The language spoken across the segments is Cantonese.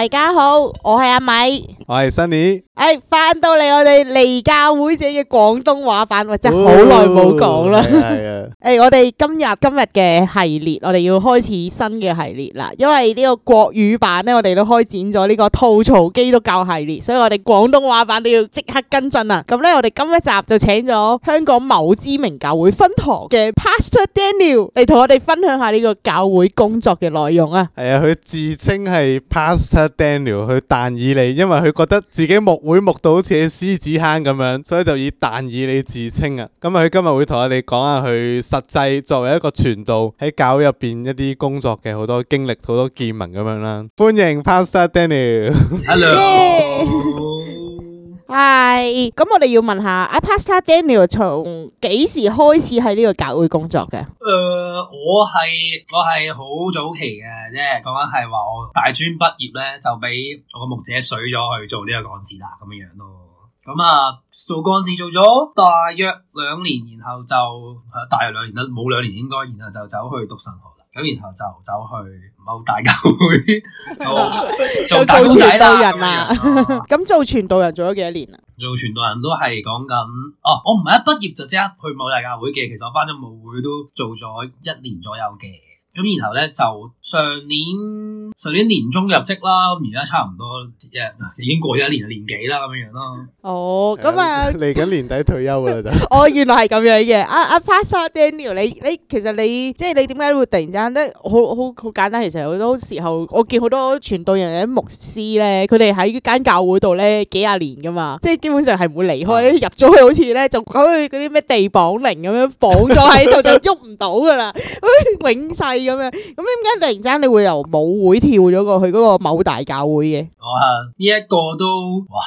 大家好，我係阿米，我係 Sunny。誒，翻到嚟我哋離教會者嘅廣東話版，或者好耐冇講啦。係啊。誒，我哋今日今日嘅系列，我哋要開始新嘅系列啦。因為呢個國語版咧，我哋都開展咗呢個吐槽基督教系列，所以我哋廣東話版都要即刻跟進啦。咁咧，我哋今一集就請咗香港某知名教會分堂嘅 Pastor Daniel 嚟同我哋分享下呢個教會工作嘅內容啊。係啊、哎，佢自稱係 Pastor Daniel，佢但以理，因為佢覺得自己目。會目睹好似啲獅子坑咁樣，所以就以但以理自稱啊！咁啊，佢今日會同我哋講下佢實際作為一個傳道喺教會入邊一啲工作嘅好多經歷、好多見聞咁樣啦、啊。歡迎 Pastor Daniel。Hello 係，咁我哋要問下阿 Pastor Daniel，從幾時開始喺呢個教會工作嘅？誒、呃，我係我係好早期嘅，即係講緊係話我大專畢業咧，就俾我個牧者水咗去做呢個幹事啦，咁樣樣咯。咁啊，做幹事做咗大約兩年，然後就、啊、大約兩年啦，冇兩年應該，然後就走去讀神學。咁然後就走去某大教會， 做做傳道 人啦、啊。咁 做傳道人做咗幾多年啊？做傳道人都係講緊哦，我唔係一畢業就即刻去某大教會嘅，其實我翻咗母會都做咗一年左右嘅。咁然後咧就上年上年年中入職啦，咁而家差唔多即係已經過咗一年年幾啦咁樣樣咯。哦，咁啊，嚟緊年底退休噶啦就。哦，原來係咁樣嘅。阿阿 Pastor Daniel，你你其實你即係你點解會突然間咧好好好簡單？其實好多時候我見好多傳道人啲牧師咧，佢哋喺間教會度咧幾廿年噶嘛，即係基本上係唔會離開，入咗去，好似咧就嗰啲嗰啲咩地綁靈咁樣綁咗喺度就喐唔到噶啦，永世。咁樣，咁點解突然間你會由舞會跳咗過去嗰個某大教會嘅？我啊，呢一個都，哇，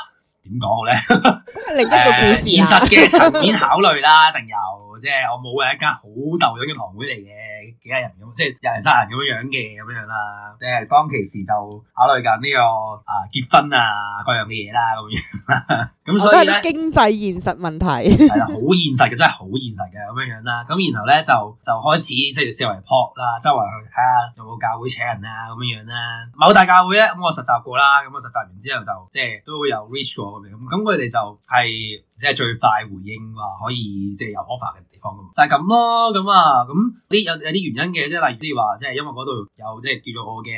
點講咧？ 呃、另一個故事啊， 現實嘅層面考慮啦，定又即係我冇係一間好逗咗嘅堂會嚟嘅。幾人咁，即係廿零三人咁樣樣嘅，咁樣樣啦。即係當其時就考慮緊、這、呢個啊結婚啊各樣嘅嘢啦，咁樣咁所以咧經濟現實問題係啦，好 現實嘅，真係好現實嘅咁樣樣啦。咁然後咧就就開始即係、就是、四圍撲啦，周圍去睇下有冇教會請人啦，咁樣樣啦。某大教會咧，咁我實習過啦。咁我，我實習完之後就即係都會有 reach 過咁。咁佢哋就係、是、即係最快回應話可以即係有 offer 嘅地方咁。就係咁咯，咁啊，咁啲有有啲。有有有有有有原因嘅，即係例如，即係話，即係因為嗰度有即係叫做我嘅，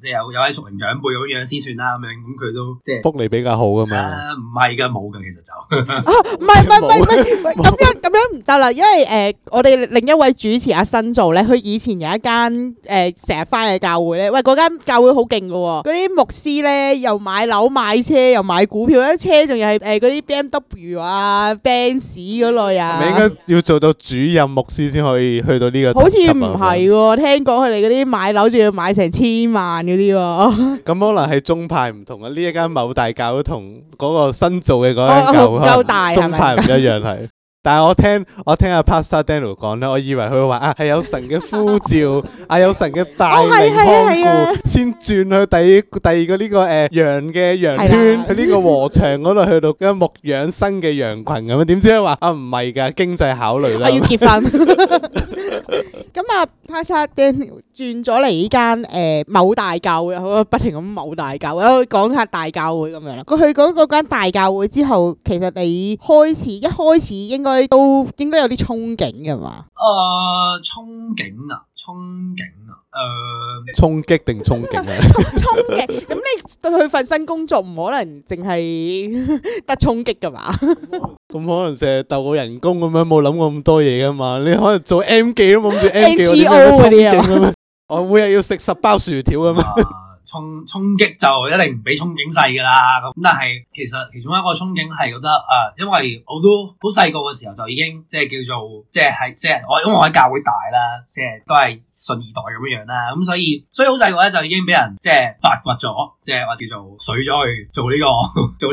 即係有有位熟人長輩咁樣先算啦，咁樣咁佢都即係福利比較好噶嘛。誒，唔係噶，冇噶，其實就。啊，唔係唔係唔係唔係，咁樣咁樣唔得啦，因為誒，我哋另一位主持阿新做咧，佢以前有一間誒成日返嘅教會咧，喂，嗰間教會好勁噶喎，嗰啲牧師咧又買樓買車又買股票，啲車仲要係誒嗰啲 BMW 啊、Benz 嗰類啊。你應該要做到主任牧師先可以去到呢個。好似唔係。係喎、 哦，聽講佢哋嗰啲買樓仲要買成千萬嗰啲喎。咁可能係宗派唔同啊？呢一間某大教同嗰個新造嘅嗰間教宗派唔一樣係。 但係我聽我聽阿 Pastor Daniel 講咧，我以為佢話啊係有神嘅呼召， 啊有神嘅大能看顧，先、哦啊、轉去第二第二個呢、這個誒、呃、羊嘅羊圈的去呢個和場嗰度去到一牧養生嘅羊群。咁樣。點知咧話啊唔係㗎，經濟考慮啦。我、 啊、要結婚。 咁啊 Pastor 轉咗嚟呢間誒某大教會，不停咁某大教會，講下大教會咁樣啦。佢去嗰個間大教會之後，其實你開始一開始應該都應該有啲憧憬㗎嘛？誒，憧憬啊，憧憬啊。誒，衝擊定憧憬咧？衝衝嘅，咁 你對佢份新工作唔可能淨係 得衝擊噶嘛？咁、 嗯、可能淨係逗個人工咁樣，冇諗過咁多嘢噶嘛？你可能做 M 記都冇諗住 M 記，我每日要食十包薯條啊嘛！衝衝擊就一定唔俾憧憬細噶啦，咁但係其實其中一個憧憬係覺得誒、啊，因為我都好細個嘅時候就已經即係叫做即係係即係我因為我喺教會大啦，即係都係。順二代咁樣樣啦，咁所以所以好細個咧就已經俾人即係發掘咗，即係或者叫做水咗去做呢、這個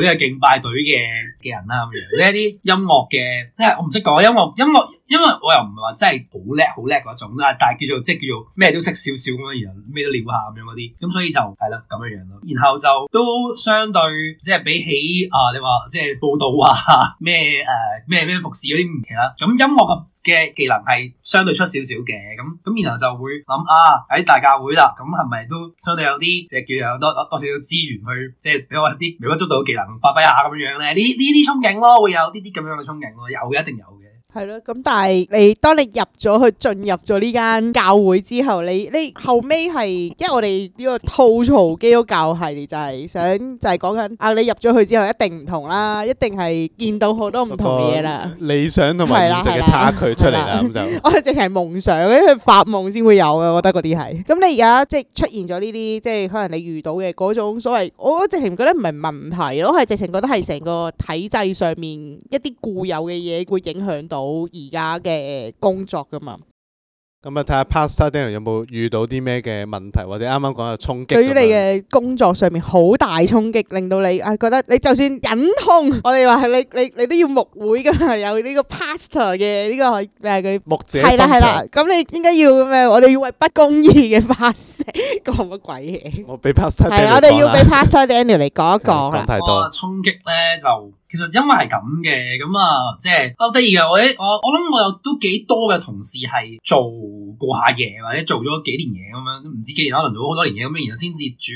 做呢個敬拜隊嘅嘅人啦咁樣。呢一啲音樂嘅，即係我唔識講音樂音樂，因為我又唔係話真係好叻好叻嗰種啦，但係叫做即係叫做咩都識少少咁樣樣，咩都撩下咁樣嗰啲，咁所以就係啦咁樣樣咯。然後就都相對即係比起啊，你話即係報道啊咩誒咩咩服侍嗰啲唔同啦，咁音樂咁。嘅技能係相對出少少嘅，咁咁然後就會諗啊，喺大教會啦，咁係咪都相對有啲即係叫有多多，多，多少少資源去，即係俾我一啲微不足道嘅技能發揮下咁樣樣咧？呢呢啲憧憬咯，會有啲啲咁樣嘅憧憬咯，有嘅，一定有。係咯，咁但係你當你入咗去進入咗呢間教會之後，你你後尾係，因為我哋呢個吐槽基督教系列就係、是、想就係講緊啊，你入咗去之後一定唔同啦，一定係見到好多唔同嘅嘢啦，理想同埋現實差距出嚟，啦，咁就 我直情係夢想，因為發夢先會有啊，我覺得嗰啲係。咁 你而家即係出現咗呢啲，即係可能你遇到嘅嗰種所謂，我直我直情覺得唔係問題咯，係直情覺得係成個體制上面一啲固有嘅嘢會影響到。好而家嘅工作噶嘛？咁啊，睇下 Pastor Daniel 有冇遇到啲咩嘅問題，或者啱啱講嘅衝擊。對於你嘅工作上面好大衝擊，令到你啊覺得你就算忍痛，我哋話係你你你都要牧會噶，有呢個 Pastor 嘅呢個咩嗰啲牧者。係啦係啦，咁你應該要咩？我哋要為不公義嘅發聲，講乜鬼嘢？我俾 Pastor，我哋要俾 Pastor Daniel 嚟講一講。講太多衝擊咧就。其實因為係咁嘅，咁、嗯、啊，即係，第二嘅我，我我諗我有都幾多嘅同事係做過下嘢，或者做咗幾年嘢咁樣，唔知幾年，可能輪到好多年嘢，咁樣，然後先至轉，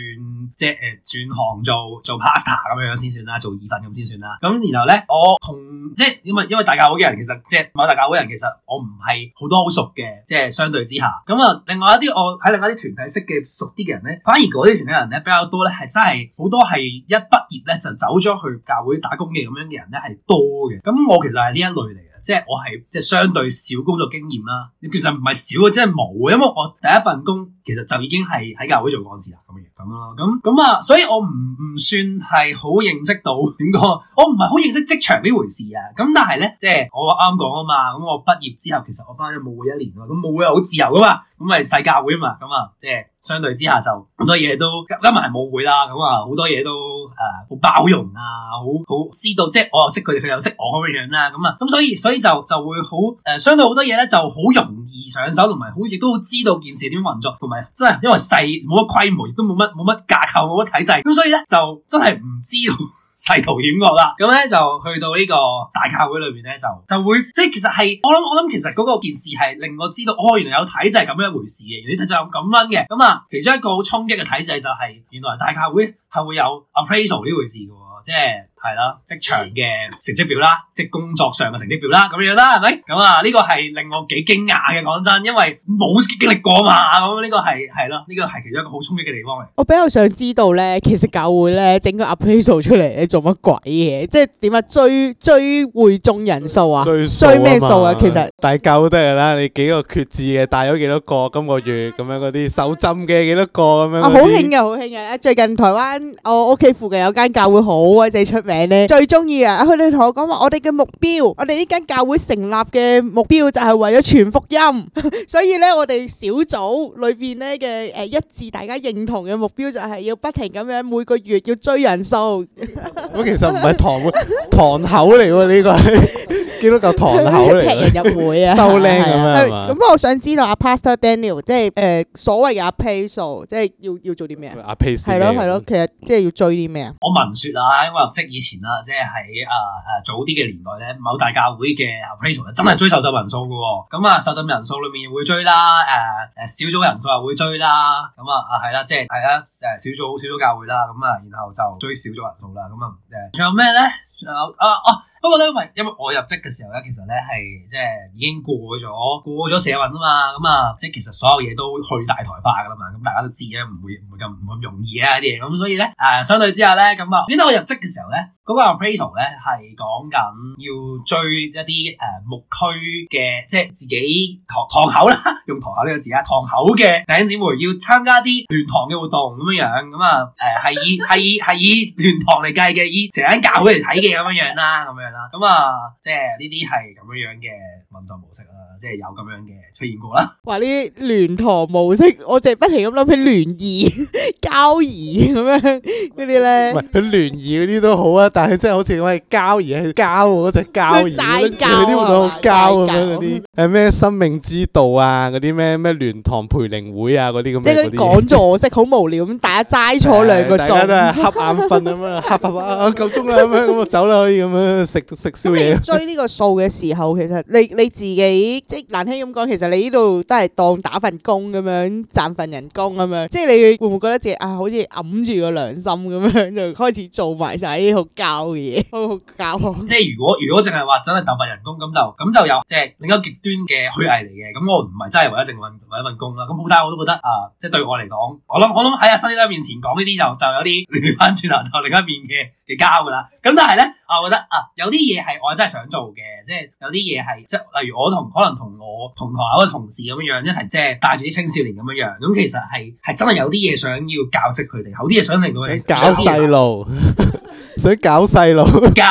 即係誒、呃、轉行做做 pastor 咁樣先算啦，做意粉咁先算啦。咁、嗯、然後咧，我同即係因為因為大教會嘅人，其實即係某大教會嘅人，其實我唔係好多好熟嘅，即係相對之下，咁、嗯、啊，另外一啲我喺另外一啲團體識嘅熟啲嘅人咧，反而嗰啲團體人咧比較多咧，係真係好多係一畢業咧就走咗去教會打工嘅。咁樣嘅人咧係多嘅，咁我其實係呢一類嚟嘅，即係我係即係相對少工作經驗啦。其實唔係少，即係冇，因為我第一份工其實就已經係喺教會做幹事啦，咁嘅咁咯，咁咁啊，所以我唔唔算係好認識到點講，我唔係好認識職場呢回事啊。咁但係咧，即係我啱講啊嘛，咁我畢業之後其實我翻咗牧會一年咯，咁牧會好自由噶嘛，咁係世界教會啊嘛，咁啊即係。 相對之下就好多嘢都加埋係冇會啦，咁啊好多嘢都誒好、呃、包容啊，好好知道，即係我又識佢，佢又識我咁樣、啊、樣啦，咁啊咁所以所以就就會好誒、呃，相對好多嘢咧就好容易上手，同埋好亦都好知道件事點運作，同埋真係因為細冇乜規模，亦都冇乜冇乜架構，冇乜體制，咁所以咧就真係唔知道。 世途險惡啦，咁咧就去到呢個大教會裏面咧，就就會即係其實係我諗我諗其實嗰個件事係令我知道，哦，原來有體制係咁樣一回事嘅，而啲體制咁樣嘅，咁、嗯、啊，其中一個好衝擊嘅體制就係原來大教會係會有 appraisal 呢回事嘅，即係。係啦，職場嘅成績表啦，即係工作上嘅成績表啦，咁樣啦，係咪？咁啊，呢個係令我幾驚訝嘅，講真，因為冇經歷過嘛。咁呢個係係咯，呢個係其中一個好衝擊嘅地方嚟。我比較想知道咧，其實教會咧整個 appraisal 出嚟，做乜鬼嘢？即係點啊？追追會眾人數啊？追咩數啊？其實大教都係啦，你幾個決志嘅帶咗幾多個？今個月咁樣嗰啲受浸嘅幾多個咁樣？啊，好興嘅，好興嘅！最近台灣我屋企附近有間教會好鬼死出名。最中意啊！佢哋同我講話，我哋嘅目標，我哋呢間教會成立嘅目標就係為咗傳福音。所以咧，我哋小組裏邊咧嘅誒一致，大家認同嘅目標就係要不停咁樣，每個月要追人數。咁其實唔係堂堂口嚟喎，呢個。幾多嚿糖口嚟？一劈入會啊，收靚咁啊咁我想知道阿 Pastor Daniel 即係誒所謂嘅 Approval 即係要要做啲咩啊 Approval 係咯係咯，其實即係要追啲咩啊？我聞説啊，因為即係以前啦，即係喺啊啊早啲嘅年代咧，某大教會嘅 Approval 真係追受浸人數嘅喎。咁啊，受浸人數裏面會追啦，誒誒小組人數又會追啦。咁啊啊係啦，即係係啦誒小組小組教會啦。咁啊，然後就追小組人數啦。咁啊誒，仲有咩咧？仲有啊哦。不過咧，因為因為我入職嘅時候咧，其實咧係即係已經過咗過咗社運啊嘛，咁啊，即係其實所有嘢都去大台化噶啦嘛，咁大家都知嘅，唔會唔會咁唔咁容易啊啲嘢，咁所以咧誒、呃，相對之下咧，咁啊，點解我入職嘅時候咧，嗰、那個 appraisal 咧係講緊要追一啲誒牧區嘅，即係自己堂，堂口啦，用堂口呢個字啊，堂口嘅弟姊妹要參加啲聯堂嘅活動咁樣樣，咁啊誒係以係 以係以，以，以聯堂嚟計嘅，以成間教會嚟睇嘅咁樣樣啦，咁樣。啦，咁啊、嗯，即係呢啲係咁樣樣嘅。互動模式啦，即係有咁樣嘅出現過啦。話呢啲聯堂模式，我淨係不停咁諗起聯誼、交誼咁樣嗰啲咧。唔係佢聯誼嗰啲都好啊，但係真係好似咁嘅交誼，交嗰隻交誼，齋交。啲活動好交咁樣嗰啲，係咩生命之道啊？嗰啲咩咩聯堂培靈會啊？嗰啲咁。即係嗰啲講座式，好無聊咁，大家齋坐兩個鐘。大家都係瞌眼瞓咁樣，瞌瞌瞌夠鐘啦，咁啊走啦，可以咁樣食食宵夜。追呢個數嘅時候，其實你你。你自己即係難聽咁講，其實你呢度都係當打份工咁樣賺份人工咁樣，即係你會唔會覺得自己啊，好似揞住個良心咁樣就開始做埋晒呢啲好交嘅嘢，好好交。即係如果如果淨係話真係賺份人工咁就咁就有即係另一個極端嘅虛偽嚟嘅。咁我唔係真係為咗淨搵搵一份工啦。咁好但我都覺得啊，即係對我嚟講，我諗我諗喺阿辛尼面前講呢啲就就有啲翻轉頭就另一面嘅嘅交噶啦。咁但係咧我覺得啊，有啲嘢係我真係想做嘅，即係有啲嘢係即例如我同可能同我同台嗰個同事咁樣樣一齊，即係帶住啲青少年咁樣樣，咁其實係係真係有啲嘢想要教識佢哋，有啲嘢想令到佢哋。想搞細路，想搞細路，教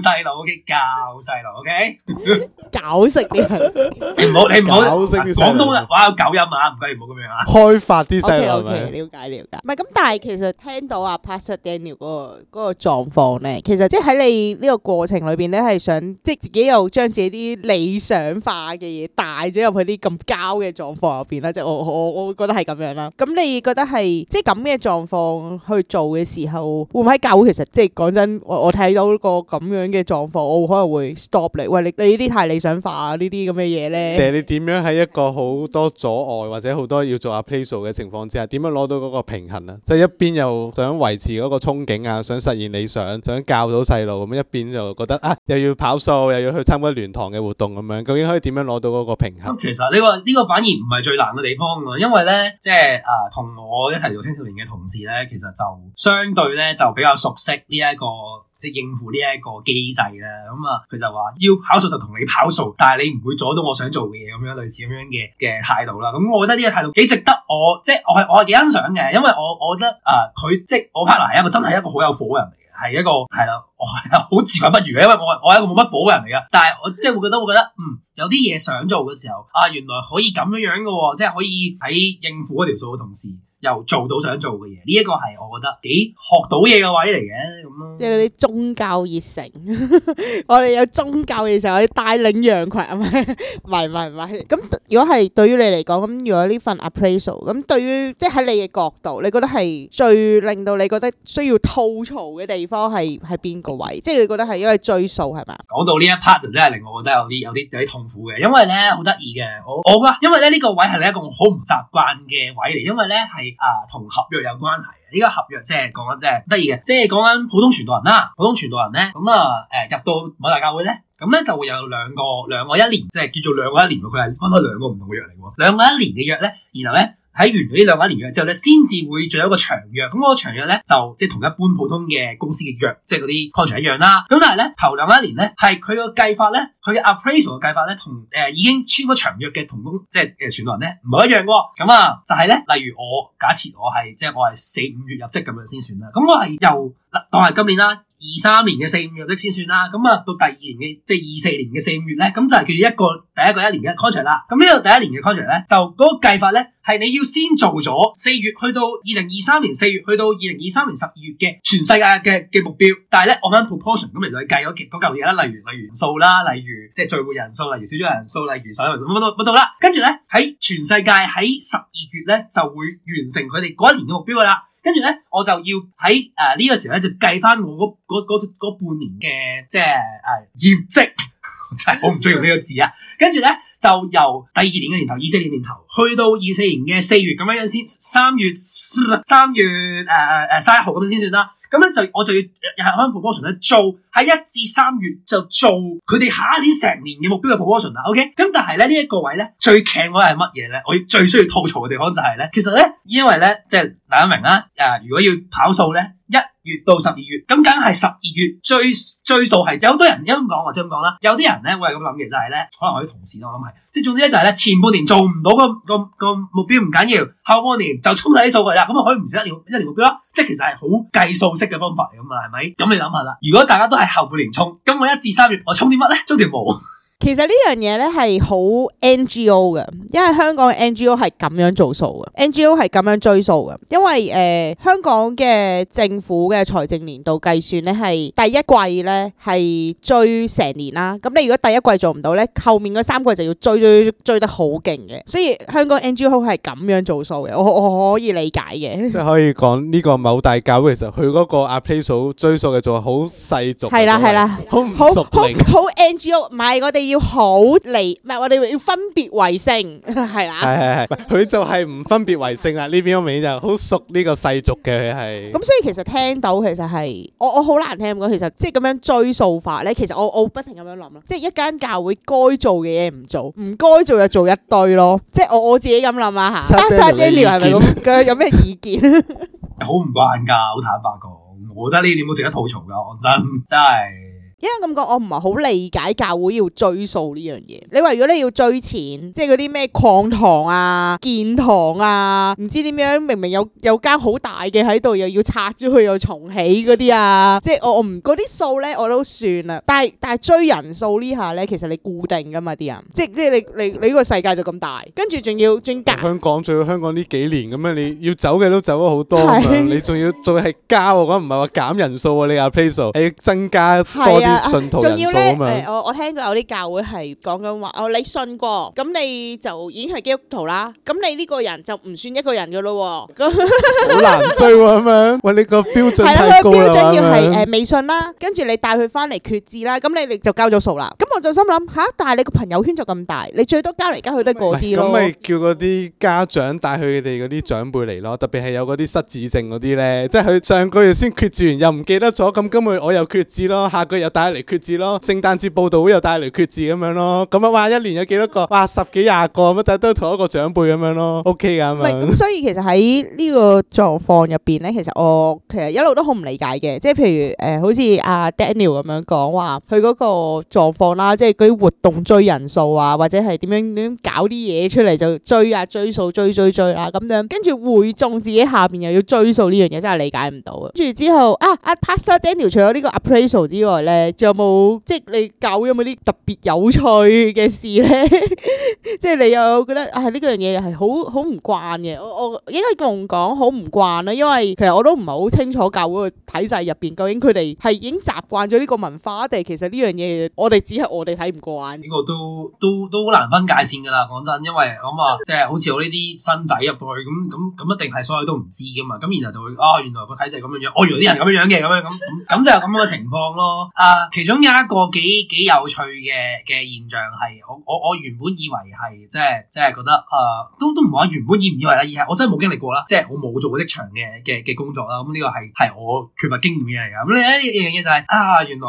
細路，OK，教細路，OK，搞識啲人。唔好，你唔好，廣東人話有九音啊，唔該，唔好咁樣啊。開發啲細路，瞭解瞭解。唔係咁，但係其實聽到阿 Pastor Daniel 嗰個嗰個狀況咧，其實即係喺你呢個過程裏邊咧，係想即係自己又將自己啲理想化嘅嘢帶咗入去啲咁膠嘅狀況入邊啦，即係我我我覺得係咁樣啦。咁你覺得係即係咁嘅狀況去做嘅時候，會唔會喺教會其實即係講真，我我睇到個咁樣嘅狀況，我可能會 stop 你。喂，你你呢啲太理想化啊，這這呢啲咁嘅嘢咧。誒，你點樣喺一個好多阻礙或者好多要做 appeal 嘅情況之下，點樣攞到嗰個平衡啊？即係一邊又想維持嗰個憧憬啊，想實現理想，想教到細路咁樣，一邊就覺得啊又要跑數又要去參加聯堂嘅活動。咁樣究竟可以點樣攞到嗰個平衡？其實呢個呢個反而唔係最難嘅地方喎，因為咧，即係啊，同我一齊做青少年嘅同事咧，其實就相對咧就比較熟悉呢、這、一個即係應付呢一個機制啦。咁、嗯、啊，佢就話要跑數就同你跑數，但係你唔會阻到我想做嘅嘢咁樣，類似咁樣嘅嘅態度啦。咁、嗯、我覺得呢個態度幾值得我即係我係我係幾欣賞嘅，因為我我覺得啊，佢即係我 partner 係一個真係一個好有火人嚟。係一個係啦，我係啊好自愧不如嘅，因為我我係一個冇乜火嘅人嚟噶。但係我即係會覺得，我覺得嗯有啲嘢想做嘅時候，啊原來可以咁樣樣㗎喎，即係可以喺應付嗰條數嘅同時。又做到想做嘅嘢，呢、這、一個係我覺得幾學到嘢嘅位嚟嘅咁咯。啊、即係嗰啲宗教熱誠， 我哋有宗教熱誠，我哋帶領羊群，唔係唔係唔係。咁如果係對於你嚟講，咁如果呢份 appraisal 咁，對於即係喺你嘅角度，你覺得係最令到你覺得需要吐槽嘅地方係喺邊個位？即係你覺得係因為追數係嘛？講到呢一 part 就真係令我覺得有啲有啲有啲痛苦嘅，因為咧好得意嘅，我我覺得，因為咧呢、這個位係你一個好唔習慣嘅位嚟，因為咧係。啊，同合約有關係嘅，呢、這個合約即係講緊即係得意嘅，即係講緊普通傳道人啦、啊。普通傳道人咧，咁、嗯、啊，誒、呃，入到某大教會咧，咁、嗯、咧就會有兩個兩個一年，即、就、係、是、叫做兩個一年。佢係分開兩個唔同嘅約嚟，兩個一年嘅約咧，然後咧。喺完咗呢兩年年約之後咧，先至會做一個長約。咁個長約咧就即係同一般普通嘅公司嘅約，即係嗰啲 contract 一樣啦。咁但係咧頭兩年咧係佢個計法咧，佢嘅 appraisal 嘅計法咧同誒已經簽咗長約嘅同工即係嘅選人咧唔係一樣嘅。咁啊就係咧，例如我假設我係即係我係四五月入職咁樣先算啦。咁我係由嗱當係今年啦。二三年嘅四五月都先算啦，咁啊到第二年嘅即係二四年嘅四五月咧，咁就係叫做一個第一個一年嘅 contract 啦。咁呢個第一年嘅 contract 咧，就嗰個計法咧係你要先做咗四月去到二零二三年四月，去到二零二三年十二月嘅全世界嘅嘅目標。但係咧我 proportion 咁嚟再計咗極嗰嚿嘢啦，例如例如元素啦，例如即係聚會人數，例如小組人數，例如所有人數，乜都乜都啦。跟住咧喺全世界喺十二月咧就會完成佢哋嗰一年嘅目標噶啦。跟住咧，我就要喺誒呢個時候咧，就計翻我嗰半年嘅即係誒業績， 真係我唔中意用呢個字啊！跟住咧，就由第二年嘅年頭，二四年年頭去到二四年嘅四月咁樣樣先，三月三月誒誒、呃、三十一號咁樣先算啦。咁咧就我就要又係看 proportion 去做，喺一至三月就做佢哋下一年成年嘅目標嘅 proportion 啦。OK，咁但係咧呢一個位咧最勁位係乜嘢咧？我最需要吐槽嘅地方就係咧，其實咧因為咧即係大家明啦、啊，啊如果要跑數咧一月到十二月，咁梗係十二月最最數係，有多人，或者咁講啦，有啲人咧，我係咁諗嘅，就係咧，可能我啲同事，我諗係，即係總之咧，就係咧，前半年做唔到個個個目標唔緊要，後半年就衝晒啲數據啦，咁啊可以唔使一年一年目標啦。即係其實係好計數式嘅方法嚟噶嘛，係咪？咁你諗下啦，如果大家都係後半年衝，咁我一至三月我衝啲乜咧？衝條毛？其實呢樣嘢咧係好 NGO 嘅，因為香港 NGO 係咁樣做數嘅，NGO 係咁樣追數嘅。因為誒、呃、香港嘅政府嘅財政年度計算咧係第一季咧係追成年啦，咁你如果第一季做唔到呢後面嘅三季就要追追，追得好勁嘅。所以香港 NGO 係咁樣做數嘅，我我可以理解嘅。即係可以講呢、這個某大狗，其實佢嗰個 appraisal 數追數嘅做係好細做係啦係啦，好唔熟好 NGO，唔係我哋。要好離，唔係我哋要分別為聖，係啦。係係係，佢就係唔分別為聖啦。呢邊嘅名就好熟呢個世俗嘅，係。咁所以其實聽到其實係，我我好難聽講，其實即係咁樣追數法咧。其實我我不停咁樣諗咯，即係一間教會該做嘅嘢，唔做，唔該做又做一堆咯。即係我我自己咁諗啊吓。Basile 係咪咁？佢有咩意見？好唔慣噶，好坦白講，我覺得呢點冇值得吐槽噶，真真係。因為咁講，我唔係好理解教會要追數呢樣嘢。你話如果你要追錢，即係嗰啲咩礦堂啊、建堂啊，唔知點樣，明明有有間好大嘅喺度，又要拆咗佢又重起嗰啲啊，即係我我唔嗰啲數咧，我都算啦。但係但係追人數呢下咧，其實你固定噶嘛啲人，即係即係你你你呢個世界就咁大，跟住仲要仲加。香港最香港呢幾年咁樣，你要走嘅都走咗好多，你仲要再係加，我講唔係話減人數啊，你話啲數係要增加多。信徒人數啊！仲要咧，誒我我聽過有啲教會係講緊話，哦，你信過，咁你就已經係基督徒啦。咁你呢個人就唔算一個人㗎咯喎。好難追喎，咁樣。喂，你個標準太高啦。係啦，標準要係誒未信啦，跟住你帶佢翻嚟決志啦，咁你哋就交咗數啦。咁我就心諗吓，但係你個朋友圈就咁大，你最多交嚟交去都嗰啲咯。咁咪叫嗰啲家長帶佢哋嗰啲長輩嚟咯，特別係有嗰啲失智症嗰啲咧，即係佢上個月先決志完又唔記得咗，咁今日我又決志咯，下個月。帶嚟決志咯，聖誕節報導會又帶嚟決志咁樣咯，咁啊哇一年有幾多個？哇十幾廿個乜？但都同一個長輩咁樣咯，OK 㗎咪？咁所以其實喺呢個狀況入邊咧，其實我其實一路都好唔理解嘅，即係譬如誒、呃，好似阿、啊、Daniel 咁樣講話，佢嗰個狀況啦，即係嗰啲活動追人數啊，或者係點樣點樣搞啲嘢出嚟就追啊追數追追追啦咁、啊、樣，跟住會眾自己下邊又要追數呢樣嘢，真係理解唔到啊！跟住之後啊，阿 Pastor Daniel 除咗呢個 Appraisal 之外咧。仲有冇即係你教會有冇啲特別有趣嘅事咧？即係你又覺得啊呢樣嘢係好好唔慣嘅。我我應該用講好唔慣啦，因為其實我都唔係好清楚教會個體制入邊究竟佢哋係已經習慣咗呢個文化定其實呢樣嘢，我哋只係我哋睇唔慣。呢個都都都好難分界線㗎啦，講真，因為咁啊，即係好似我呢啲新仔入到去，咁咁咁一定係所有都唔知㗎嘛。咁然後就會啊，原來個體制咁樣樣，哦，原來啲人咁樣樣嘅，咁樣咁咁就係咁樣嘅情況咯。啊！其中有一個幾幾有趣嘅嘅現象係，我我我原本以為係即係即係覺得誒、呃，都都唔話原本以唔以為啦，而係我真係冇經歷過啦，即係我冇做過職場嘅嘅嘅工作啦，咁、嗯、呢、這個係係我缺乏經驗嚟㗎。咁另一樣嘢就係、是、啊，原來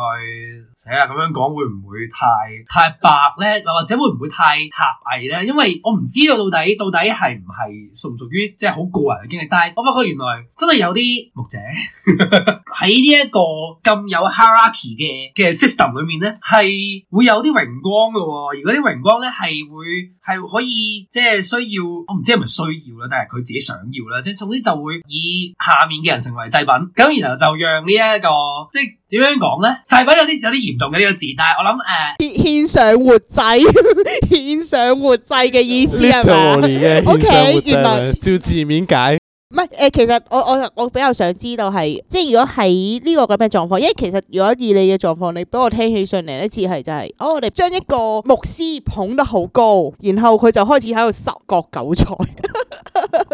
成日咁樣講會唔會太太白咧，或者會唔會太狹隘咧？因為我唔知道到底到底係唔係屬唔屬於即係好個人嘅經歷，但係我發覺原來真係有啲牧者喺呢一個咁有 Hierarchy 嘅。嘅 system 裏面咧，係會有啲榮光嘅、哦，而嗰啲榮光咧係會係可以即係需要，我唔知係咪需要啦，但係佢自己想要啦，即係總之就會以下面嘅人成為祭品。咁然後就讓、這個、呢一個即係點樣講咧？祭品有啲有啲嚴重嘅呢個字，但係我諗誒、獻、呃、上活祭，獻 上活祭嘅意思係嘛？O K，原來照字面解。唔係誒，其實我我我比較想知道係，即係如果喺呢個咁嘅狀況，因為其實如果以你嘅狀況，你俾我聽起上嚟一次係就係，哦，我哋將一個牧師捧得好高，然後佢就開始喺度收割韭菜。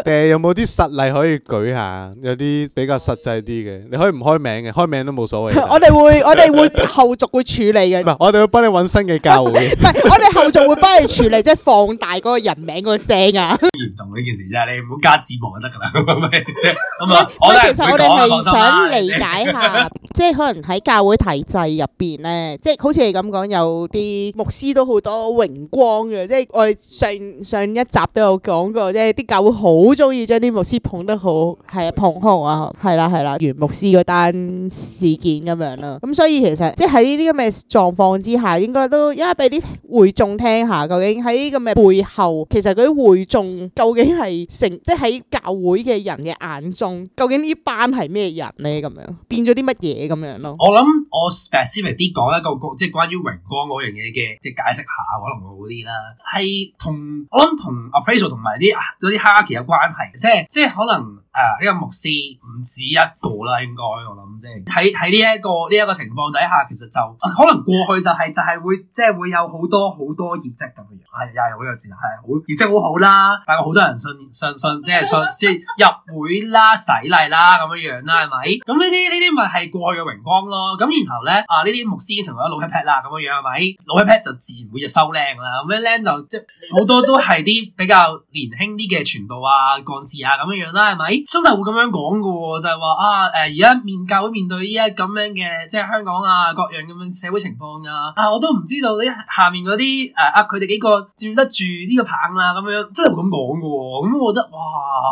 誒，有冇啲實例可以舉下？有啲比較實際啲嘅，你可以唔開名嘅，開名都冇所謂。 我哋會 我哋會後續會處理嘅。唔係，我哋會幫你搵新嘅教會。唔係，我哋後續會幫你處理， 即係放大嗰個人名個聲啊。唔同呢件事啫，你唔好加字幕就得噶啦。唔係，即係，唔係，我哋其實我哋係想理解下，即係可能喺教會體制入邊咧，即係好似你咁講，有啲牧師都好多榮光嘅，即係我哋上上一集都有講過，即係啲教會好中意將啲牧師捧得好，係啊，捧紅啊，係啦，係啦，袁牧師嗰單事件咁樣啦，咁所以其實即係喺呢啲咁嘅狀況之下，應該都因為俾啲會眾聽下，究竟喺咁嘅背後，其實嗰啲會眾究竟係成，即係喺教會嘅。人嘅眼中，究竟呢班係咩人咧？咁樣變咗啲乜嘢咁樣咯？我諗我 specific 啲講一個，即係關於榮光嗰樣嘢嘅，即係解釋下可能會好啲啦。係同我諗同 appraisal 同埋啲有啲哈奇有關係，即係即係可能。誒呢、啊這個牧師唔止一個啦，應該我諗即係。喺喺呢一個呢一、這個情況底下，其實就、啊、可能過去就係、是、就係、是、會即係、就是、會有好多好多業績咁嘅樣，係又係好有錢，係業績好好啦。但係好多人信信信即係信即係入會啦、洗禮啦咁樣樣啦，係咪？咁呢啲呢啲咪係過去嘅榮光咯。咁然後咧，啊呢啲牧師成為咗老乞丐啦，咁樣樣係咪？老乞丐就自然會就收靚啦。咁樣靚就即好多都係啲比較年輕啲嘅傳道啊、幹事啊咁樣樣啦，係咪？真係會咁樣講噶，就係、是、話啊，誒、呃，而家面教會面對呢一咁樣嘅，即係香港啊各樣咁樣社會情況啊，啊，我都唔知道呢下面嗰啲誒啊佢哋、啊、幾個佔得住呢個棒啊，咁樣真係會咁講噶，咁、嗯、我覺得哇，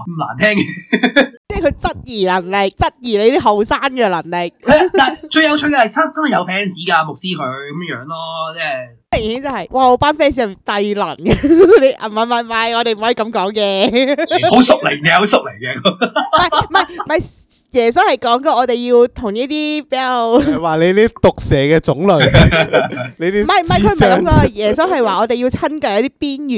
咁難聽， 即係佢質疑能力，質疑你啲後生嘅能力。 但係最有趣嘅係真真係有 fans 噶牧師佢咁樣咯，即係。明顯就係，哇！我班 fans 係第二輪嘅，唔係唔係，我哋唔可以咁講嘅，好 熟嚟嘅，好熟嚟嘅，唔係唔係唔係，耶穌係講過我哋要同呢啲比較，話你啲毒蛇嘅種類， 你啲唔係唔係佢唔係咁講，耶穌係話我哋要親近一啲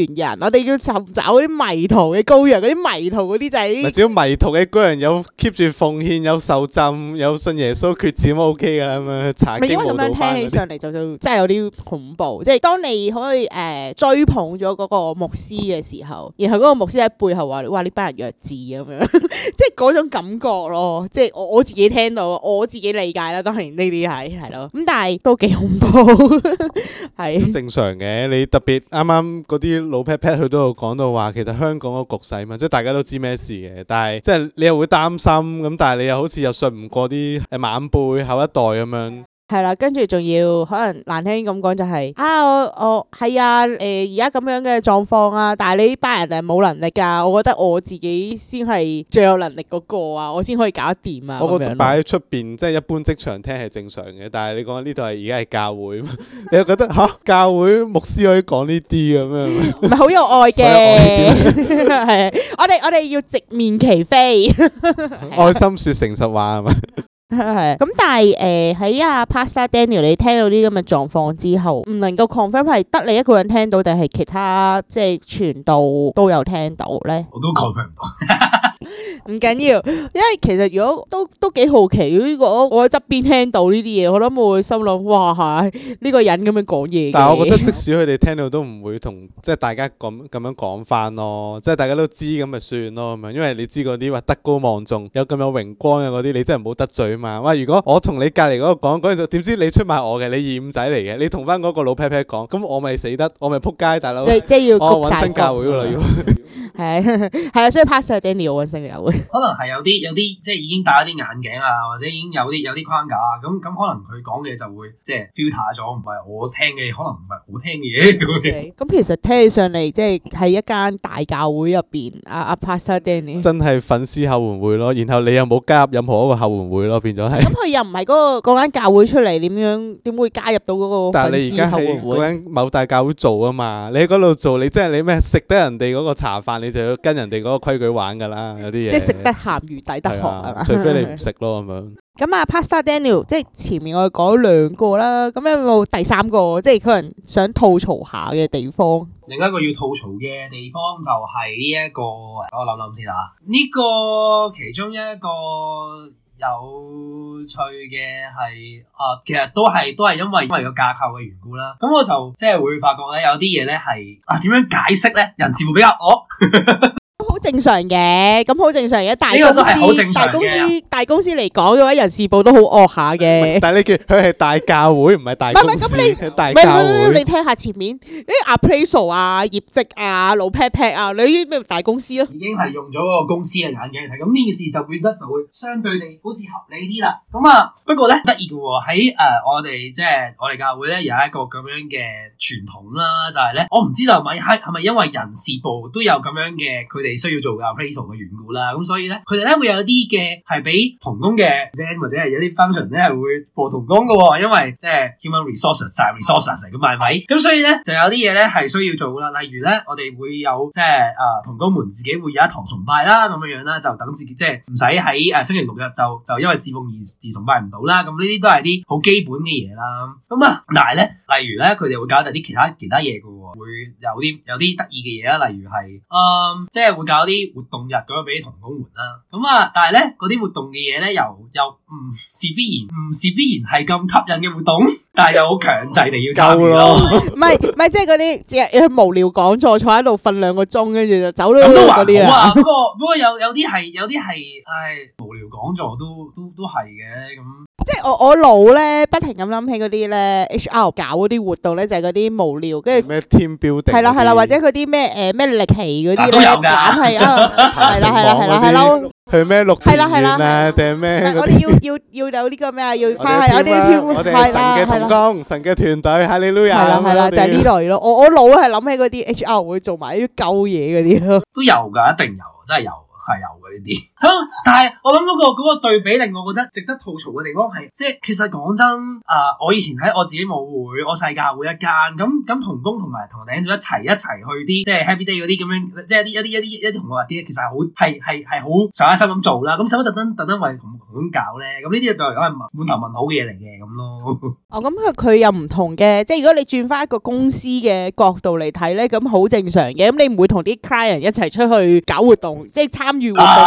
邊緣人，我哋要尋找啲迷途嘅羔羊，嗰啲迷途嗰啲就係只要迷途嘅羔羊有 keep 住奉獻，有受浸，有信耶穌，決志，O K 噶啦，咪查經，咪因為咁樣聽起上嚟就就真係有啲恐怖。即係當你可以誒、呃、追捧咗嗰個牧師嘅時候，然後嗰個牧師喺背後話，哇！呢班人弱智咁樣， 即係嗰種感覺咯。即係我我自己聽到，我自己理解啦，當然呢啲係係咯。咁但係都幾恐怖，係 是 正常嘅。你特別啱啱嗰啲老 pat pat 佢都有講到話，其實香港個局勢嘛，即係大家都知咩事嘅，但係即係你又會擔心，咁但係你又好似又信唔過啲誒晚輩後一代咁樣。係啦，跟住仲要可能難聽啲咁講就係、是、啊，我我係啊，誒而家咁樣嘅狀況啊，但係你呢班人係冇能力噶，我覺得我自己先係最有能力嗰個啊，我先可以搞得掂啊。我覺得擺喺出邊即係一般職場聽係正常嘅，但係你講呢度係而家係教會， 你又覺得吓、啊、教會牧師可以講呢啲咁樣？唔係好有愛嘅，係 我哋我哋要直面其非， 愛心說誠實話係咪？ 係咁， 但係誒，喺、呃、阿 Pastor Daniel，你聽到呢咁嘅狀況之後，唔能夠 confirm 係得你一個人聽到，定係其他即係全到都有聽到咧？我都 confirm 唔到。 唔緊要，因為其實如果都都幾好奇，如果我喺側邊聽到呢啲嘢，我諗我會心諗，哇、呢、哎這個人咁樣講嘢。但係我覺得即使佢哋聽到都唔會同即係大家咁咁樣講翻咯，即係大家都知咁咪算咯咁樣，因為你知嗰啲話德高望重，有咁有榮光嘅嗰啲，你真係唔好得罪啊嘛。喂，如果我同你隔籬嗰個講嗰陣時，點、那個、知你出賣我嘅，你二五仔嚟嘅，你同翻嗰個老 pat pat 講，咁我咪死得，我咪扑街大佬。即即係要搵新、哦、教會係係啊，所以 p 可能係有啲有啲即係已經戴咗啲眼鏡啊，或者已經有啲有啲框架啊咁咁，可能佢講嘅就會即係 filter 咗，唔係我聽嘅嘢，可能唔係好聽嘅咁嘅。咁其實聽起上嚟，即係喺一間大教會入邊，阿阿 Pastor Daniel 真係粉絲後援會咯。然後你又冇加入任何一個後援會咯，變咗係。咁佢又唔係嗰個嗰間教會出嚟，點樣點會加入到嗰個？但係你而家喺嗰間某大教會做啊嘛，你喺嗰度做，你即係你咩食得人哋嗰個茶飯，你就要跟人哋嗰個規矩玩噶啦。即係食得鹹魚抵得渴係嘛，除非你唔食咯咁樣 。咁啊，Pastor Daniel，即係前面我哋講兩個啦，咁有冇第三個即係有人想吐槽下嘅地方？另一個要吐槽嘅地方就係呢一個，我諗諗先啊，呢、這個其中一個有趣嘅係啊，其實都係都係因為因為個架構嘅緣故啦。咁我就即係會發覺咧，有啲嘢咧係啊，點樣解釋咧？人事部比較我。哦 好正常嘅，咁好正常嘅大，大公司，大公司大公司嚟講嘅話，人事部都好惡下嘅。但係你佢係大教會唔係大公司，你大你聽下前面啲 appraisal 啊，業績啊，老 pat pat 啊，你啲咩大公司咯，啊？已經係用咗個公司嘅眼鏡嚟睇，咁呢件事就變得就會相對地好似合理啲啦。咁啊，不過咧得意嘅喎，喺誒、呃、我哋即係我哋教會咧有一個咁樣嘅傳統啦，就係、是、咧我唔知道咪係係咪因為人事部都有咁樣嘅佢哋，需要做嘅 place 嘅緣故啦，咁所以咧，佢哋咧會有啲嘅係俾同工嘅 van 或者係有啲 function 咧係會播同工嘅，因為即係 human resources 就係 resources 嚟嘅，係咪？咁所以咧，就有啲嘢咧係需要做啦。例如咧，我哋會有即係啊同工們自己會有一堂崇拜啦，咁樣樣啦，就等自己即係唔使喺誒星期六日就就因為侍奉而而崇拜唔到啦。咁呢啲都係啲好基本嘅嘢啦。咁啊，但係咧，例如咧，佢哋會搞一啲其他其他嘢嘅會有啲有啲得意嘅嘢啦，例如係嗯，即係會。有啲活動日咁樣俾啲同工玩啦，咁啊，但係咧嗰啲活動嘅嘢咧，又又唔、嗯、是必然，唔、嗯、是必然係咁吸引嘅活動，但係又好強制哋要參與咯，唔係唔係，即係嗰啲即係無聊講座，坐喺度瞓兩個鐘，跟住就走咯，咁都還說 好啊，不過不過有有啲係有啲係唉，無聊講座都都都係嘅咁。即係我我腦咧不停咁諗起嗰啲咧，HR 搞嗰啲活動咧，就係嗰啲無聊，跟住咩 team building，係啦係啦，或者佢啲咩誒咩力氣嗰啲咧，有㗎係啊，係啦係啦係啦係啦，係咩錄音咧定咩？我哋要要要有呢個咩啊？要係有啲 team，係啦係啦，神嘅同工，神嘅團隊，喺你呢樣係啦係啦，就係呢類咯。我我腦係諗起嗰啲 HR 會做埋啲舊嘢嗰啲咯，都有㗎，一定有，真係有係有。啲， 但係我諗嗰個嗰對比令我覺得值得吐槽嘅地方係，即係其實講真啊，我以前喺我自己母會，我世界會一間，咁咁同工同埋同頂咗一齊一齊去啲即係 Happy Day 嗰啲咁樣，即係一啲一啲一啲同我話啲，其實係好係係係好上一心咁做啦。咁、嗯、使乜特登特登為同工搞咧？咁呢啲對我嚟講係滿頭問好嘅嘢嚟嘅咁咯。哦，咁佢佢又唔同嘅，即係如果你轉翻一個公司嘅角度嚟睇咧，咁好正常嘅。咁你唔會同啲 client 一齊出去搞活動，即係參與活動。 大個問題，佢一間大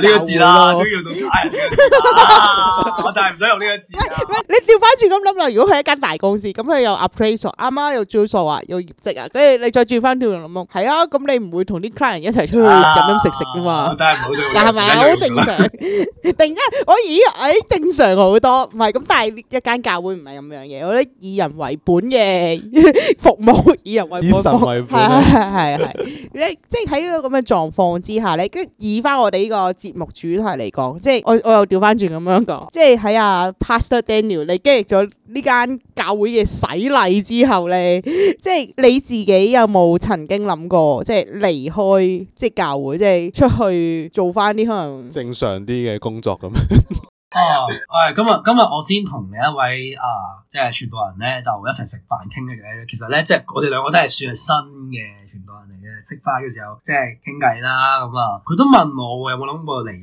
公司啦，我就係唔使用呢個字。唔係你調翻轉咁諗落，如果佢一間大公司，咁佢又 upraise 啊，阿媽又最好傻話，又業績啊。跟住你再轉翻條諗係啊，咁你唔會同啲 client 一齊出去飲飲食食噶嘛？啊、我真係唔好做，但係咪好正常？突然間我咦誒正、哎、常好多，唔係咁。但係一間教會唔係咁樣嘅，我覺得以人為本嘅服務，以人為本，以神為本，係係係。你即係喺呢個咁嘅狀況之下你。以翻我哋呢個節目主題嚟講，即係我我又調翻轉咁樣講，即係喺阿 Pastor Daniel 你經歷咗呢間教會嘅洗禮之後咧，即係你自己有冇曾經諗過，即係離開即係教會，即係出去做翻啲可能正常啲嘅工作咁樣？ 哦，誒，今日今日我先同另一位啊，即係傳道人咧，就一齊食飯傾嘅。其實咧，即係我哋兩個都係算係新嘅傳道人嚟嘅，食飯嘅時候即係傾偈啦。咁啊，佢都問我有冇諗過離開，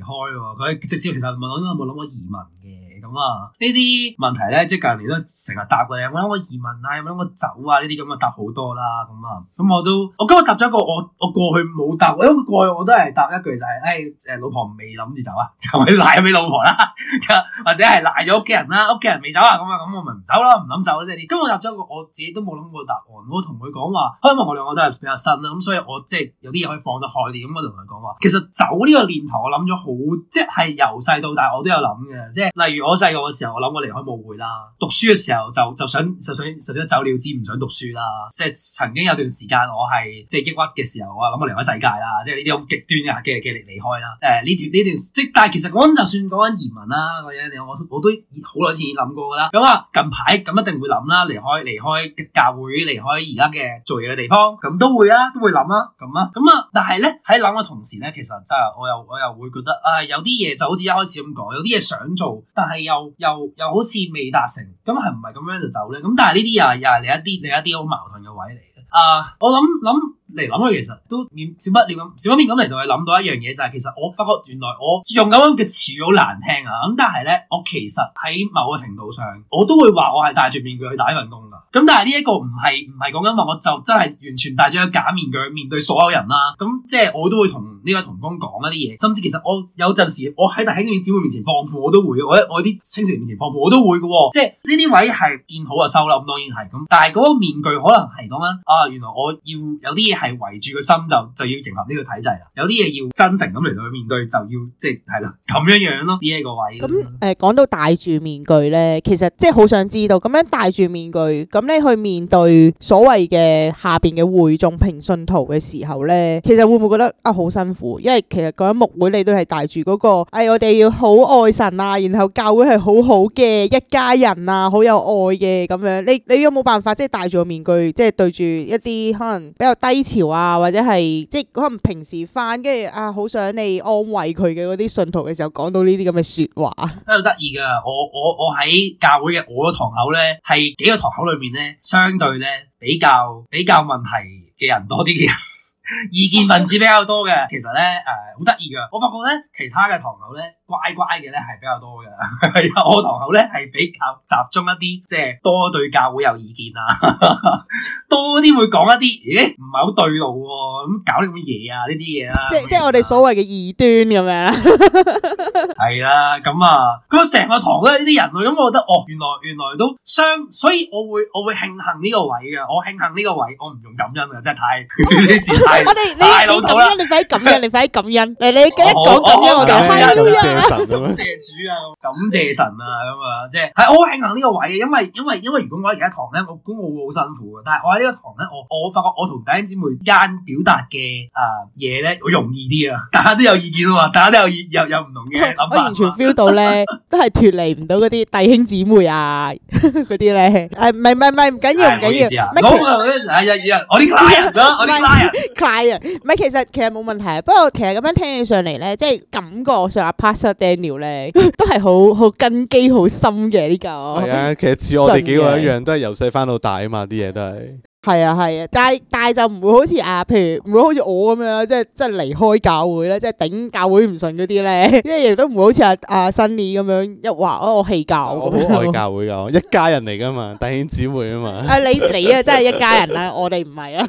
佢直接其實問我有冇諗過移民嘅。咁啊，呢啲問題咧，即隔籬都成日答嘅，有冇諗過移民啊？有冇諗過走啊？呢啲咁啊，就答好多啦，咁啊，咁我都，我今日答咗一個，我我過去冇答，我因為過去我都係答一句就係、是，誒、哎、老婆未諗住走啊，咁咪賴俾老婆啦， 或者係賴咗屋企人啦，屋企人未走啊，咁啊，咁我咪唔走啦、啊，唔諗走啦，即係啲，今日答咗一個我自己都冇諗過答案，我同佢講話，可能我兩個都係比較新啦，咁所以我即係有啲嘢可以放得開啲，咁我同佢講話，其實走呢個念頭我諗咗好，即係由細到大我都有諗嘅，即係例如我。細個嘅時候，我諗我離開教會啦。讀書嘅時候就就想就想就想，就想走了之，唔想讀書啦。即係曾經有段時間，我係即係抑鬱嘅時候，我諗我離開世界啦。即係呢啲好極端嘅嘅嘅離離開啦。誒、呃、呢段呢段即但係其實講就算講緊移民啦，我我都好耐之前諗過噶啦。咁、嗯、啊近排咁、嗯、一定會諗啦，離開離開教會，離開而家嘅做嘢嘅地方，咁都會啊，都會諗啊，咁啊。咁、嗯、啊，但係咧喺諗嘅同時咧，其實真係我又我又，我又會覺得啊、哎，有啲嘢就好似一開始咁講，有啲嘢想做，但係。又又又好似未達成，咁係唔係咁樣就走咧？咁但係呢啲又又係另一啲另一啲好矛盾嘅位嚟嘅。啊、uh，我諗諗。嚟諗佢其實都少不免咁，少不免咁嚟到去諗到一樣嘢就係、是，其實我發覺原來我用咁樣嘅詞好難聽啊！咁但係咧，我其實喺某個程度上，我都會話我係戴住面具去打份工噶。咁但係呢一個唔係唔係講緊話，我就真係完全戴住個假面具去面對所有人啦。咁即係我都會同呢個同工講一啲嘢，甚至其實我有陣時我喺但喺啲弟兄姊妹面前放潑，我都會；我我啲青少年面前放潑，我都會噶。即係呢啲位係見好就收啦，咁當然係。咁但係嗰個面具可能係講緊啊，原來我要有啲嘢。係圍住個心就就要迎合呢個體制啦，有啲嘢要真誠咁嚟到去面對，就要即係啦咁樣樣咯呢一、這個位。咁、呃、誒講到戴住面具咧，其實即係好想知道咁樣戴住面具，咁你去面對所謂嘅下邊嘅會眾評信徒嘅時候咧，其實會唔會覺得啊好辛苦？因為其實講緊牧會你都係戴住嗰、那個，誒、哎、我哋要好愛神啊，然後教會係好好嘅一家人啊，好有愛嘅咁樣。你你有冇辦法即係戴住個面具，即係對住一啲可能比較低。潮啊，或者係即係可能平時翻，跟住啊，好想你安慰佢嘅嗰啲信徒嘅時候，講到呢啲咁嘅說話啊，都得意噶。我我我喺教會嘅我個堂口咧，係幾個堂口裏面咧，相對咧比較比較問題嘅人多啲嘅，意見分子比較多嘅。其實咧誒，好得意噶。我發覺咧，其他嘅堂口咧。乖乖嘅咧係比較多嘅，係啊，我堂口咧係比較集中一啲，即係多對教會有意見啊，多啲會講一啲，咦，唔係好對路喎，咁搞啲乜嘢啊？呢啲嘢啊，即即係我哋所謂嘅異端咁樣，係啦，咁啊，咁成個堂咧呢啲人啊，咁我覺得，哦，原來原來都相。所以我會我會慶幸呢個位嘅，我慶幸呢個位，我唔用感恩嘅，真係太，我哋你你感恩，你快啲感恩，你快啲感恩，嚟你記得講感恩我哋。 感謝主啊，感謝神啊，咁啊，即係好慶幸呢個位，因為因為因為如果我而家堂咧，我估我好辛苦嘅。但係我喺呢個堂咧，我我發覺我同弟兄姊妹間表達嘅誒嘢咧，好容易啲啊！大家都有意見啊嘛，大家都有意有有唔同嘅諗法。我完全 feel 到咧， 都係脫離唔到嗰啲弟兄姊妹啊嗰啲咧。唔係唔係唔係，唔緊要唔緊要。老啊，我啲個 client 啊，不我呢個 client 啊 c r 唔係，其實其實冇問題，不過其實咁樣聽起上嚟咧，即係感覺上阿 Daniel 咧 都係好好根基好深嘅呢個，係啊，其實似我哋幾個一樣，都係由細翻到大啊嘛，啲嘢 都係。係啊係啊，但係但係就唔會好似啊，譬如唔會好似我咁樣啦，即係即係離開教會啦，即係頂教會唔信嗰啲咧，因係亦都唔會好似阿啊，啊哈哈 Sunny 咁樣一話哦我棄教。我愛教會噶，一家人嚟噶嘛，弟 兄姊妹啊嘛。你你啊真係一家人啦，我哋唔係啊。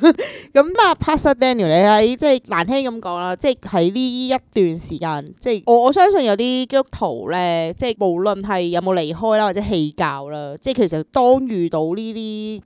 咁啊 Pastor Daniel 你喺即係難聽咁講啦，即係喺呢一段時間，即係我我相信有啲基督徒咧，即係無論係有冇離開啦或者棄教啦，即係其實當遇到呢啲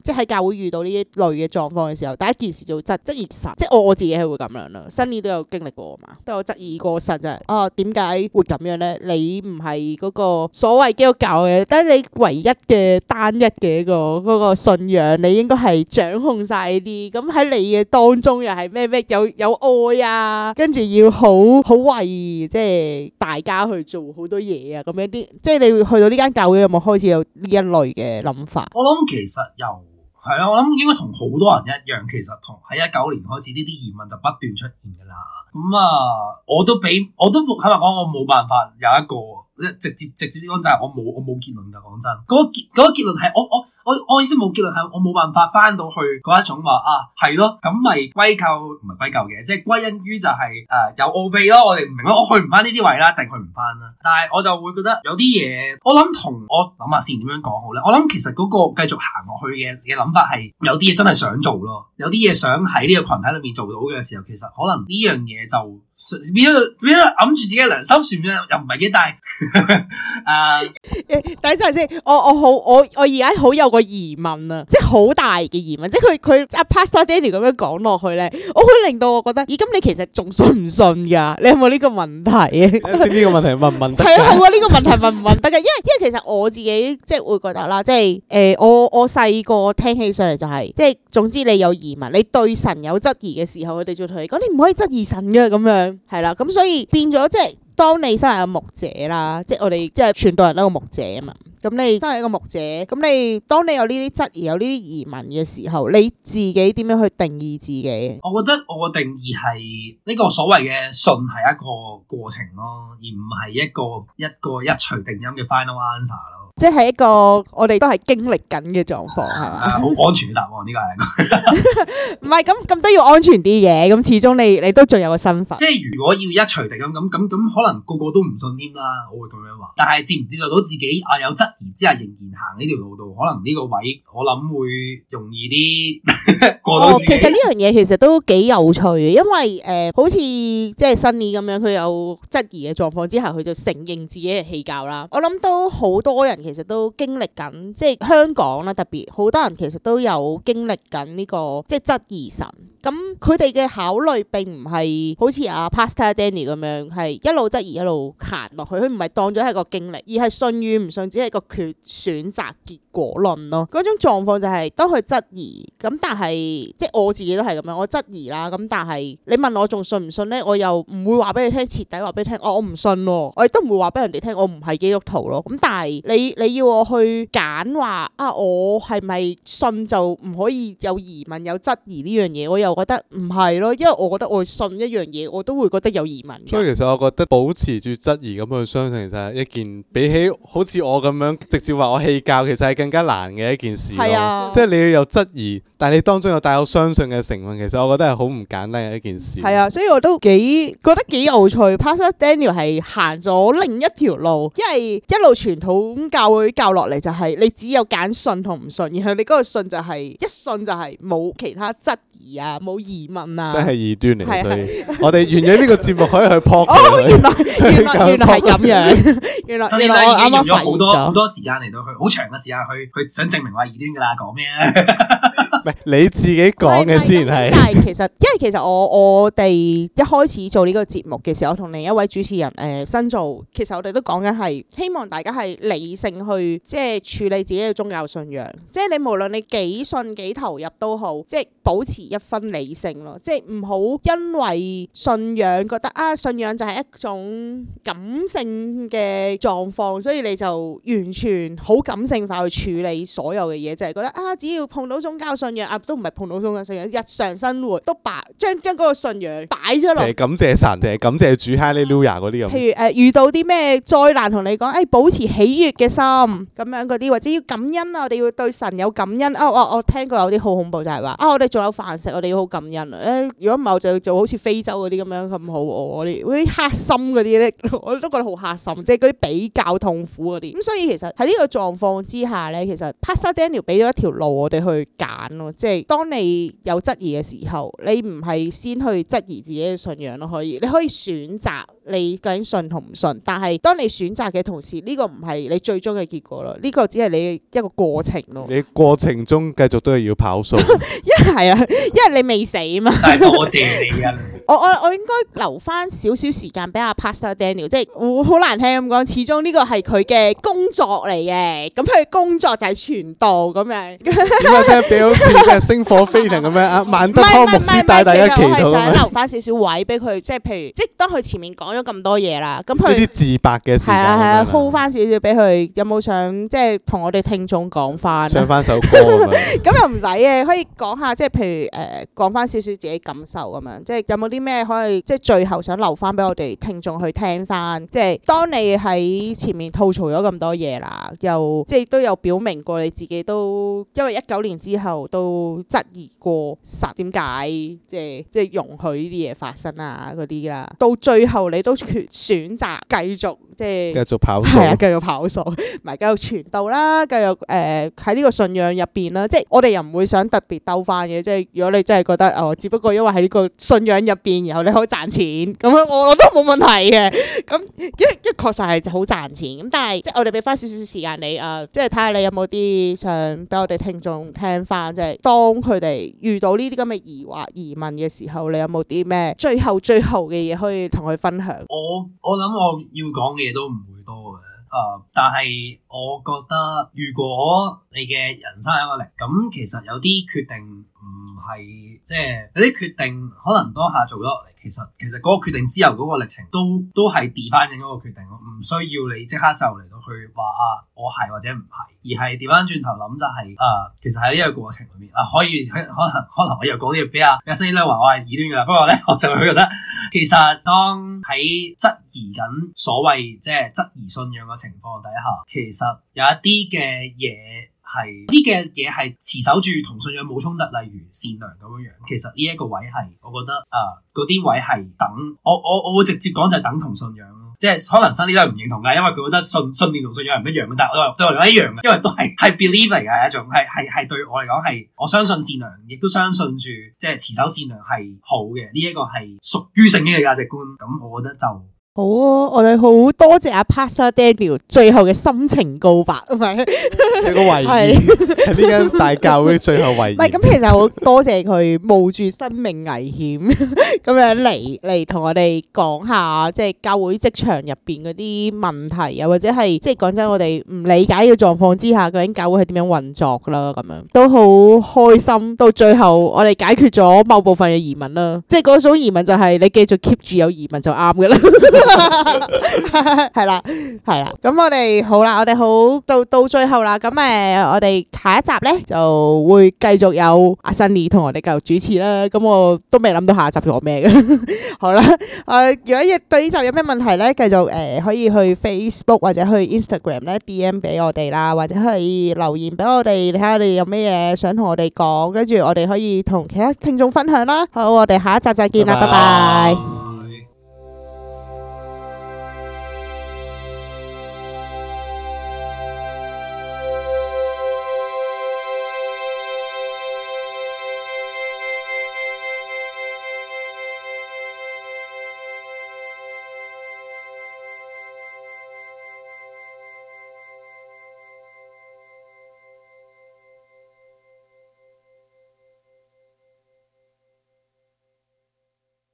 即係喺教會遇到呢啲。類嘅狀況嘅時候，第一件事就即係質疑神，即係我自己係會咁樣啦。新年都有經歷過嘛，都有質疑過神，就係，啊，點解會咁樣咧？你唔係嗰個所謂基督教嘅，但係你唯一嘅單一嘅個嗰個信仰，你應該係掌控晒啲。咁喺你嘅當中又係咩咩有有愛啊？跟住要好好為即係大家去做好多嘢啊！咁樣啲，即係你去到呢間教會有冇開始有呢一類嘅諗法？我諗其實有係啊，我諗應該同好多人一樣，其實同喺一九年開始呢啲疑問就不斷出現㗎啦。咁啊，我都俾我都喺度講，係咪我冇辦法有一個即直接直接啲講就係我冇我冇結論㗎。講真，嗰、嗰個、結嗰、嗰個、結論係我我。我我我意思冇結論，係我冇辦法翻到去嗰一種話啊，係咯，咁咪歸咎唔係歸咎嘅，即係歸因於就係、是、誒、呃、有奧秘咯，我哋唔明咯，我去唔翻呢啲位啦，定去唔翻啦，但係我就會覺得有啲嘢，我諗同我諗下先點樣講好咧，我諗其實嗰個繼續行落去嘅嘅諗法係有啲嘢真係想做咯，有啲嘢想喺呢個群體裏面做到嘅時候，其實可能呢樣嘢就變咗變咗揞住自己良心，算又又唔係幾大 啊。誒，等陣先，我我好，我我而家好有個疑問啊，即係好大嘅疑問，即係佢佢阿 Pastor Daniel 咁樣講落去咧，我會令到我覺得，咦，咁你其實仲信唔信噶？你有冇呢個問題？呢個問題問唔問得？係啊係啊，呢 個問題問唔問得嘅？因為因為其實我自己即係會覺得啦，即係誒、呃，我我細個聽起上嚟就係、是，即係總之你有疑問，你對神有質疑嘅時候，佢哋就同你講，你唔可以質疑神嘅咁樣，係啦，咁所以變咗即係。當你身為一個牧者啦，即係我哋即係傳道人都係牧者啊嘛。咁你身為一個牧者，咁你,你當你有呢啲質疑、有呢啲疑問嘅時候，你自己點樣去定義自己？我覺得我嘅定義係呢、這個所謂嘅信係一個過程咯，而唔係一,一個一個一錘定音嘅 final answer 咯。即係一個我哋都係經歷緊嘅狀況，係嘛、啊？好安全嘅答案呢個係，唔係咁咁，都要安全啲嘢。咁始終你你都仲有個身份，即係如果要一錘定咁咁咁，可能個個都唔信添啦。我會咁樣話。但係接唔接受到自己啊，有質疑之下仍然行呢條路度，可能呢個位我諗會容易啲過到、哦。其實呢樣嘢其實都幾有趣，因為誒、呃，好似即係 Sunny 咁樣，佢有質疑嘅狀況之下，佢就承認自己係棄教啦。我諗都好多人。其實都經歷緊，即係香港啦，特別好多人其實都有經歷緊呢個即係質疑神。咁佢哋嘅考慮並唔係好似阿 Pastor Danny 咁樣，係一路質疑一路行落去。佢唔係當咗係個經歷，而係信與唔信只係個決選擇結果論咯。嗰種狀況就係當佢質疑，咁但係即係我自己都係咁樣，我質疑啦，咁但係你問我仲信唔信咧，我又唔會話俾你聽，徹底話俾你聽，哦，我我唔信喎，我亦都唔會話俾人哋聽，我唔係基督徒咯。咁但係你。你要我去揀話啊，我係咪信就唔可以有疑問、有質疑呢樣嘢？我又覺得唔係咯，因為我覺得我信一樣嘢，我都會覺得有疑問。所以其實我覺得保持住質疑咁去相信，其實係一件比起好似我咁樣直接話我棄教，其實係更加難嘅一件事咯。啊、即係你要有質疑，但係你當中有帶有相信嘅成分，其實我覺得係好唔簡單嘅一件事。係啊，所以我都幾覺得幾有趣。 Pastor Daniel 係行咗另一條路，因為一路傳統教。教會教落嚟就係你只有揀信同唔信，然後你嗰個信就係一信就係冇其他質疑啊，冇疑問啊，即係異端嚟。我哋完咗呢個節目可以去撲佢。原來原來原來係咁樣，原來我啱啱好多好多時間嚟到去好長嘅時間去去想證明話異端㗎啦，講咩啊？唔係你自己講嘅先係。但係其實因為其實我我哋一開始做呢個節目嘅時候，我同另一位主持人誒新做，其實我哋都講緊係希望大家係理性，去即係處理自己嘅宗教信仰，即係你無論你幾信幾投入都好，即係保持一分理性咯，即係唔好因為信仰覺得啊，信仰就係一種感性嘅狀況，所以你就完全好感性化去處理所有嘅嘢，就係覺得啊，只要碰到宗教信仰啊，都唔係碰到宗教信仰，日常生活都擺將將嗰個信仰擺咗落嚟，感謝神，感謝主，哈利路亞嗰啲，譬如誒遇到啲咩災難，同你講，誒保持喜悅嘅心。心咁、嗯、樣嗰啲，或者要感恩啊！我哋要對神有感恩啊！我、哦哦、我聽過有啲好恐怖，就係話啊，我哋仲有飯食，我哋要好感恩。誒、哎，如果唔係，我就要做好似非洲嗰啲咁樣咁好。我啲嗰啲黑心嗰啲咧， 我都覺得好黑心，即係嗰啲比較痛苦嗰啲。咁、嗯、所以其實喺呢個狀況之下咧，其實 Pastor Daniel 俾咗一條路我哋去揀咯，即係當你有質疑嘅時候，你唔係先去質疑自己嘅信仰咯，可以，你可以選擇你究竟信同唔信。但係當你選擇嘅同時，呢、這個唔係你最終。嘅結果啦，呢、這個只係你一個過程咯。你過程中繼續都係要跑數，一係啊，因為你未死嘛。 我我我應該留翻少少時間俾阿 Pastor Daniel，即係好、嗯、難聽咁講。始終呢個係佢嘅工作嚟嘅，咁佢工作就係傳道咁咪。點解聽俾好似嘅星火飛騰咁樣啊？萬德康牧師帶大家祈禱咁 留翻少少位俾佢，即係譬如，即係當佢前面講咗咁多嘢啦，咁佢啲自白嘅時間，係啊，hold 翻少少俾佢。有冇想即係同我哋聽眾講翻？唱翻首歌咁又唔使嘅，可以講下即係譬如誒講翻少少自己感受咁樣，即係有冇啲咩可以即係最後想留翻俾我哋聽眾去聽翻？即係當你喺前面吐槽咗咁多嘢啦，又即係都有表明過你自己都因為一九年之後都質疑過實點解即係即係容許呢啲嘢發生啊嗰啲啦，到最後你都決選擇繼續即係繼續跑數，係啊，繼續跑數。 咪繼續傳道啦，繼續誒喺呢個信仰入邊啦，即係我哋又唔會想特別鬥翻嘅，即係如果你真係覺得哦，只不過因為喺呢個信仰入邊，然後你可以賺錢咁樣，我我都冇問題嘅。咁一一確實係好賺錢咁，但係即係我哋俾翻少少時間你啊，即係睇下你有冇啲想俾我哋聽眾聽翻，即係當佢哋遇到呢啲咁嘅疑惑疑問嘅時候，你有冇啲咩最後最後嘅嘢可以同佢分享？我我諗我要講嘅嘢都唔～Uh, 但係我覺得，如果你嘅人生有壓力，咁其實有啲決定。係即係有啲決定，可能當下做咗落嚟，其實其實嗰個決定之後嗰個歷程都，都都係跌翻緊嗰個決定咯，唔需要你即刻就嚟到去話啊，我係或者唔係，而係跌翻轉頭諗就係、是、啊，其實喺呢個過程裏面啊，可以可能可能我又講啲嘢俾阿阿 Sir 話我係異端嘅啦，不過咧我就會覺得，其實當喺質疑緊所謂即係、就是、質疑信仰嘅情況底下，其實有一啲嘅嘢。係呢嘅嘢係持守住同信仰冇衝突，例如善良咁樣樣。其實呢一個位係，我覺得啊，嗰啲位係等我我我會直接講就係等同信仰咯。即係可能新啲都係唔認同噶，因為佢覺得信信，信念同信仰係唔一樣嘅。但係我都對我嚟講一樣嘅，因為都係係 believe 嚟嘅，係一種係係係對我嚟講係我相信善良，亦都相信住即係持守善良係好嘅。呢、這、一個係屬於聖經嘅價值觀。咁我覺得就。好啊！我哋好多謝阿 Pastor Daniel 最後嘅心情告白，唔係個遺言呢間 大教會最後遺唔係咁，其實好多謝佢冒住生命危險咁樣嚟嚟同我哋講下，即係教會職場入邊嗰啲問題啊，或者係即係講真，我哋唔理解嘅狀況之下，究竟教會係點樣運作啦？咁樣都好開心，到最後我哋解決咗某部分嘅疑問啦。即係嗰種疑問就係你繼續 keep 住有疑問就啱噶啦。 係啦，係啦， 咁我哋好啦，我哋好到到最後啦，咁誒、呃，我哋下一集咧就會繼續有阿 Sunny 同我哋繼續主持啦。咁我都未諗到下一集講咩嘅。 好啦，誒、呃，如果亦對呢集有咩問題咧，繼續誒、呃、可以去 Facebook 或者去 Instagram 咧 DM 俾我哋啦，或者可以留言俾我哋，你睇下你有咩嘢想同我哋講，跟住我哋可以同其他聽眾分享啦。好，我哋下一集再見啦，拜拜。拜拜